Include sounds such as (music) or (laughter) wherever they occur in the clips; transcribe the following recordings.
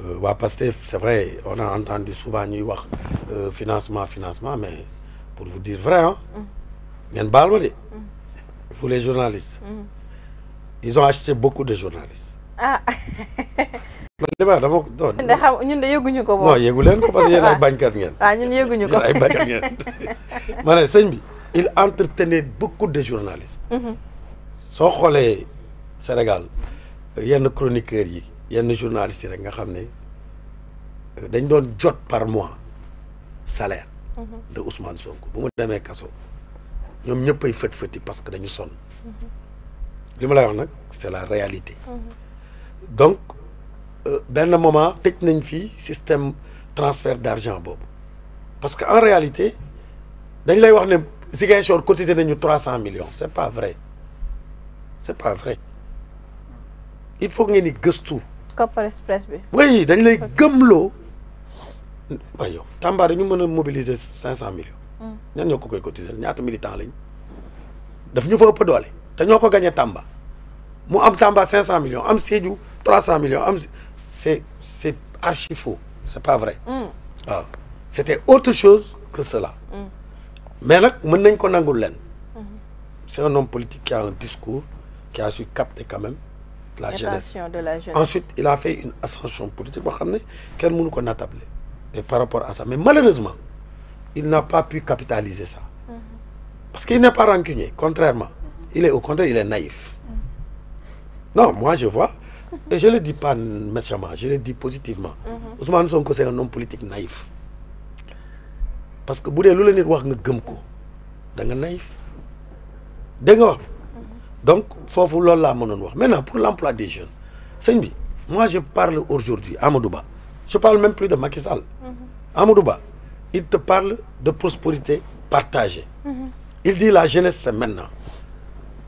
Euh, c'est vrai on a entendu souvent euh, financement financement mais pour vous dire vrai il y a ma balle. Mm. vous les journalistes. Mm. ils ont acheté beaucoup de journalistes. ah. man (laughs) ah, li (laughs) beaucoup de journalistes. il y a de journalistes. Il journalistes a des journalistes qui donnent euh, dañ doon jot par mois salaire. Mhm. de Ousmane Sonko Nous ne pouvons pas faire Ils parce que nous sommes c'est la réalité. Mhm. donc le euh, moment avons fait le système de transfert d'argent parce qu'en réalité dañ lay wax que millions, cotisé n'est trois millions c'est pas vrai Ce n'est pas vrai il faut ngeen vous tout. Copper Express. oui dañ lay gëmloo. waaye Tamba dañu mobilisé mobiliser millions. Hmm. Nous, avons ko koy cotiser été militant lañ daf ñu fa ëpp doole te gagné Tamba mu am Tamba 500 millions am avons gagné 300 millions c'est archi faux c'est pas vrai. Hmm. c'était autre chose que cela. Hmm. mais nous mën nañ c'est un homme politique qui a un discours qui a su capter quand même. Ensuite, il a fait une ascension politique. Quel monde qu'on a tablé et par rapport à ça. Mais malheureusement, il n'a pas pu capitaliser ça. Mm-hmm. Parce qu'il n'est pas rancunier, contrairement. Mm-hmm. Il est au contraire, il est naïf. Mm-hmm. Non, moi je vois, et je ne le dis pas méchamment, je le dis positivement. Ousmane Sonko, c'est un homme politique naïf. Parce que si vous avez dit que vous êtes naïf, vous naïf donc faut vouloir la monnaie wax maintenant pour l'emploi des jeunes moi je parle aujourd'hui à Moudouba, je parle même plus de Macky Sall mhm. Amadou il te parle de prospérité partagée mhm. il dit la jeunesse c'est maintenant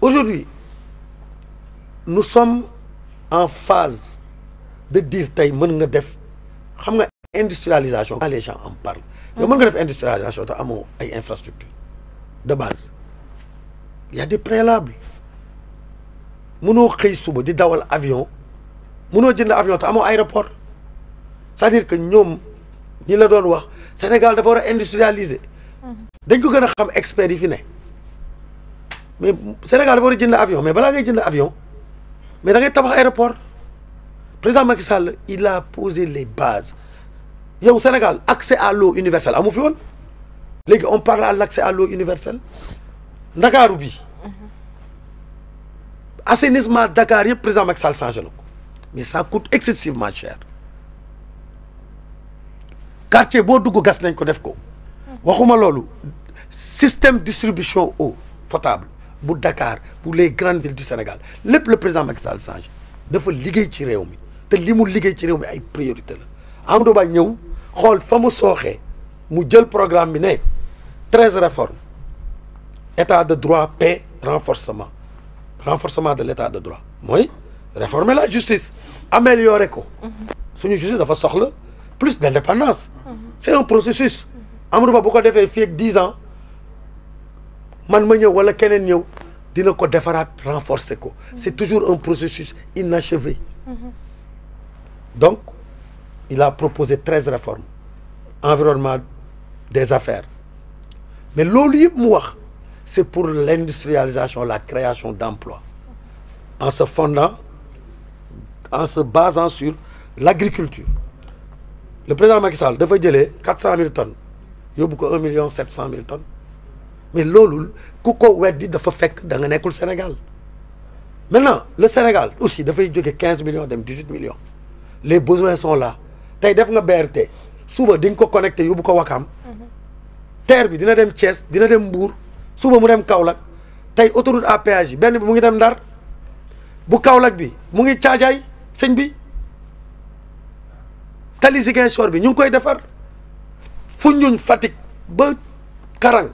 aujourd'hui nous sommes en phase de dire tay mën nga def xam industrialisation quand les gens en parlent mhm. mën nga def industrialisation ta a ay infrastructures de base il y a des préalables munoo xëy di dawal avion munoo jënd avion te aéroport c'est-à-dire que nous, ni la doon Sénégal dafa être industrialiser. Mhm. dañ ko nous a xam experts yi fi mais Sénégal dafa war a jënd avion mais balaa ngay jënd avion mais da ngay tabax aéroport président Macky Sall il a posé les bases au Sénégal accès à l'eau universelle on parle à l'accès à l'eau universelle ndakaaru bi assainissement Dakar yëpp président Macky Sall changé mais ça coûte excessivement cher quartier boo dugg gas nañ ko def ko waxuma système distribution eau potable pour Dakar pour les grandes villes du Sénégal le président Macky Sall Il dafa liguer ci au milieu. te li mu liggéey ci réew mi ay priorité la Amadou Ba ñëw xool fa mu jël programme bi né treize réformes état de droit paix renforcement renforcement de l'état de droit oui. réformer la justice améliorer ko une justice va plus d'indépendance c'est un processus Amadou Ba bu pas fait 10 ans man ma ñëw wala kenen ñëw dina ko renforcer c'est toujours un processus inachevé donc il a proposé 13 réformes environnement des affaires mais loolu moi c'est pour l'industrialisation, la création d'emplois. En se fondant, en se basant sur l'agriculture. Le président Macky Sall a 400 000 tonnes a ko 1 million 700 000 tonnes mais loolu ku weddi dafa da Sénégal maintenant le Sénégal aussi devait 15 millions 18 millions les besoins sont là tey def nga BRT suba di Wakam mhm. terre dina dem Thiès dina dem Mbour suba mu dem Kaolack tey autoroute à péage benn bi mu ngi dem Ndar bu Kaolack bi mu ngi caajaay sëñ bi tali Ziguinchor bi ñu ngi koy defar Foundiougne Fatick ba Karang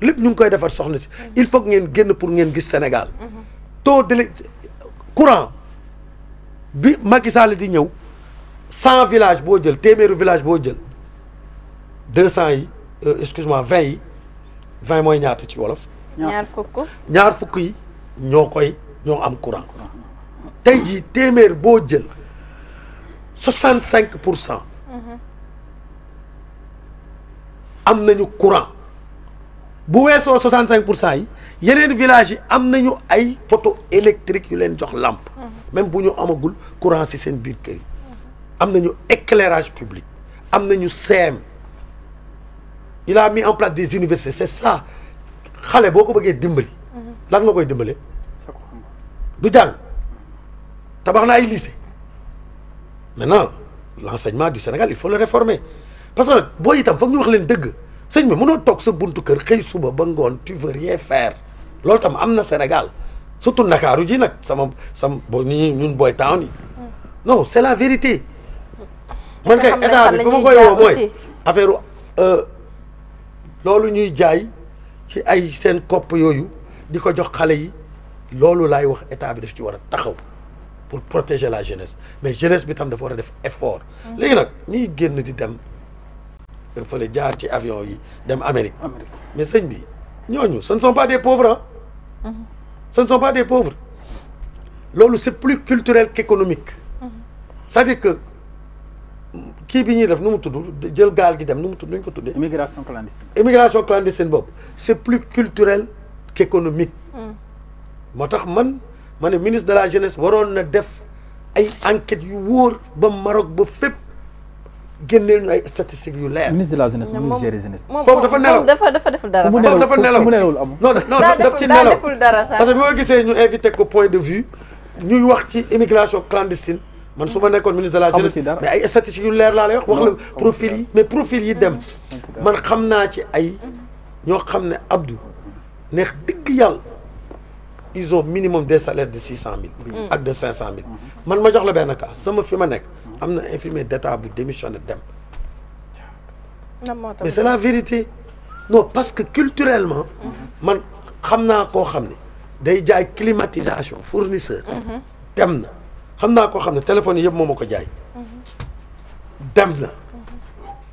lépp ñu ngi koy defar soxna si mm-hmm. il faut ngeen génn pour ngeen gis Sénégal mm-hmm. taux de courant bi Macky Sall di ñëw cent village boo jël téeméeri village boo jël deux cent yi euh, excuse vingt yi vingt mooy ñaata ci wolof. ñaar fukk ñaar fukk yi ñoo koy ñoo am courant. tey jii téeméer boo jël soixante cinq pour cent. Mhm. am nañu courant bu weesoo soixante cinq pour cent yi yeneen village yi am nañu ay poteau électrique yu leen jox làmp mhm. même bu ñu amagul courant ci seen biir kër yi. Mhm. am nañu éclairage public am nañu seem il a mis en place des universités c'est ça Khalé, beaucoup ko bëggee dimbali. Mhm. lan nga koy dimbale. du jàng tabax ay lycée maintenant l'enseignement du Sénégal il faut le réformer parce que boy boo itam foog ñu wax leen dëgg sëñ bi mënoo sa buntu kër xëy ba tu veux rien faire loolu tam am Sénégal surtout Ndakaaru nak. nag sama sama ni ñun boy town yi mm. non c'est la vérité mm. man kay état bi fa ma koy woo mooy affaire euh, lolu ñuy jaay ci ay sen kopp yoyu diko jox xalé yi lolu lay wax état bi daf ci wara taxaw pour protéger la jeunesse mais jeunesse bi tam dafa wara def effort. Mhm. léegi nak ñuy genn di dem fële jaar ci avion yi dem Amérique. mais sëñ bi ñoñu ce ne sont pas des pauvres hein? mhm. ce ne sont pas des pauvres lolu c'est plus culturel qu'économique. Mhm. c'est-à-dire que kii bi ñuy def nu mu tudd jël gaal gi dem nu mu ñu ko tuddee. immigration clandestine. immigration clandestine boobu c'est plus culturel qu'économique. Mm. motax man mané ministre de la jeunesse waron na def ay enquêtes yu wóor ba Maroc ba fep gennel ay statistiques yu leer. ministre de la jeunesse moom foofu dafa nelaw dafa dafa deful dara. mu dafa nelaw mu nelawul amul. non non daf ci nelaw parce que bi ma gisee ñu invité ko point de vue ñuy wax ci immigration clandestine man suma ma ministre de la jeunesse mais ay statistique yu leer la lay wax. wax la profil yi mais profil yi dem. man xamna ci ay ñoo xamne Abdou neex deug yàlla ils ont minimum des salaires de 600 000, ak de 500 000, mhm. man ma jox la benn cas sama fi ma nekk am infirmier d'état bu démissionné dem. mais c'est la vérité non parce que culturellement. Mhm. man xamna ko koo day jaay climatisation fournisseur. Mhm. dem na. xam naa koo xam ne téléphone yi yëpp moo ma ko jaay dem na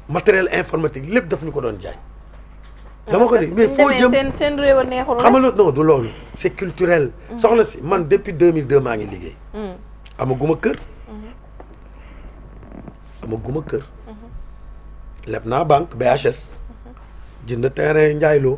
matériel informatique lépp daf ñu ko doon jaay dama ko ni mais foo jëm seen seen réew neexul xam nga non du loolu c'est culturel soxna si man depuis 2002 maa ngi liggéey amaguma kër amaguma kër leb naa banque BHS jënd terrain njaayloo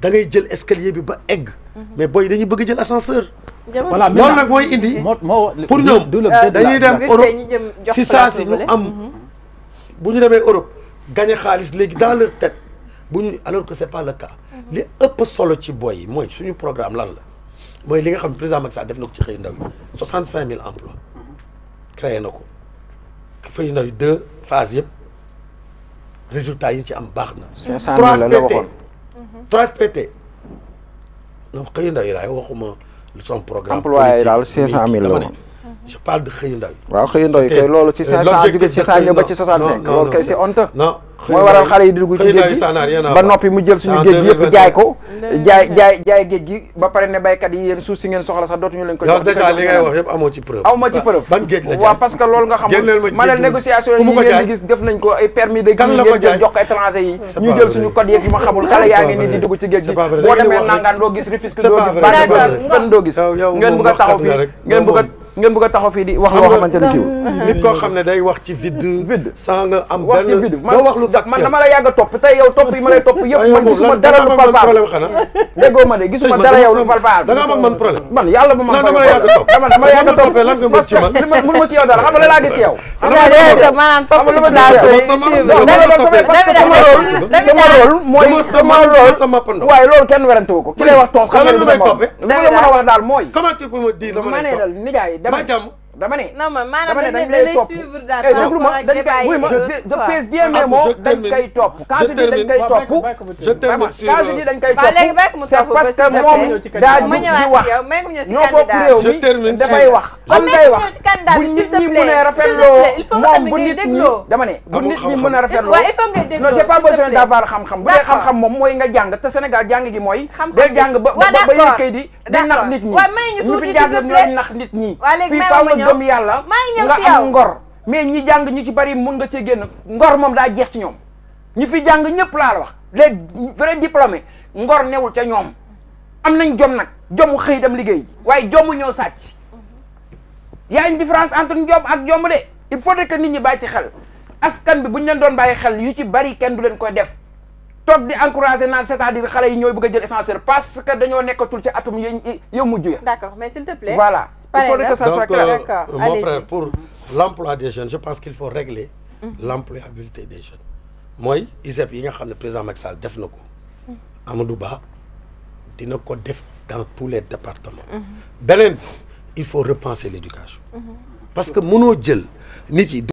da ngay jël escalier bi ba egg. Mhm. mais boy dañuy bëgg jël ascenseur. voilà lool nak moy indi. pour ñom dañuy dem Europe si saa si ñu am. Mhm. buñu démé Europe gagné xaliss légui dans leur tête bu alors que c'est pas le cas. Mhm. li ëpp solo ci boy moy suñu programme lan la moy li nga xam président Macky Sall def nako ci xëy ndaw yi 65000 emplois créé nako ko xëy ndaw yi deux phases yëpp résultats yi ci am baax na. 500000 la la 3 PT. 3 PT non xëy na daal waxuma. son programme politique employé daal 500000 la woon je parle waaw xëyu ndaw yi kay loolu ci cinq cent ba ci soixante cinq loolu kay c'est honte mooy waral xale yi di dugg ci géej gi ba noppi mu jël suñu géej gi ba pare ne baykat yi yéen suuf ngeen soxla sax dootuñu leen ko jox déjà li ngay ci de géej ngeen yi ñu jël suñu code yeeg ma xamul xale yaa ngi ni di dugg ci géej gi boo demee nangaan doo gis Rufisque doo gis Bànn doo gis gis ngeen bëgg a fii ngeen bëgg ngeen bëgg a taxaw fii di wax loo xamante ne kii nit koo ne day wax ci vide vide sans nga am wax ci vide man wax lu man dama la yàgg a topp tey yow man gisuma ma dara lu palpable da nga am man problème man man dama la yàgg a topp dama dama la a topp lan nga mës ci man mënu ma ci yow dara xam nga laa ma dara mooy sama rôle sama waaye loolu kenn werante wu ko ki lay wax toos xam nga lu ma wax daal mooy damay Matam dama ne. non man maanaam dañ lay suivre eh, daal je pèse bien mes ah, mots dañ koy topp. quand je moom daa jug di wax nit ñi mën a rafetloo moom bu nit ñi dama bu nit ñi mën a rafetloo. non j'ai pas besoin d'avoir xam-xam bu dee xam-xam moom mooy nga jàng te Sénégal jàng gi mooy. del jàng ba ba ba yëkkay di di nit ñi. gëm yàlla la am ngor mais ñi jàng ñu ci bari mun nga cee génn ngor moom daa jeex ci ñoom ñi fi jàng ñëpp laa la wax les vrais diplômés ngor newul ca ñoom am nañ jom nag jomu xëy dem liggéey waaye jomu ñëw sàcc y a une différence entre jom ak jom de il faut que nit ñi bàyyi ci xel askan bi bu ñu leen doon bàyyi xel yu ci bari kenn du leen koy def Donc, di encourager les c'est-à-dire xalé yi ñoy bëgg jël essentiel parce que dañoo nekkatul ci atum yi ya d'accord mais s'il te plaît. voilà il faut que ça soit clair. Euh, mon frère pour l'emploi des jeunes je pense qu'il faut régler mhm. l'employabilité des jeunes Moi, ISEP yi nga xamné président Macky Sall def nako mhm. Amadou Ba dina def dans tous les départements mhm. benen il faut repenser l'éducation parce que mënoo jël nit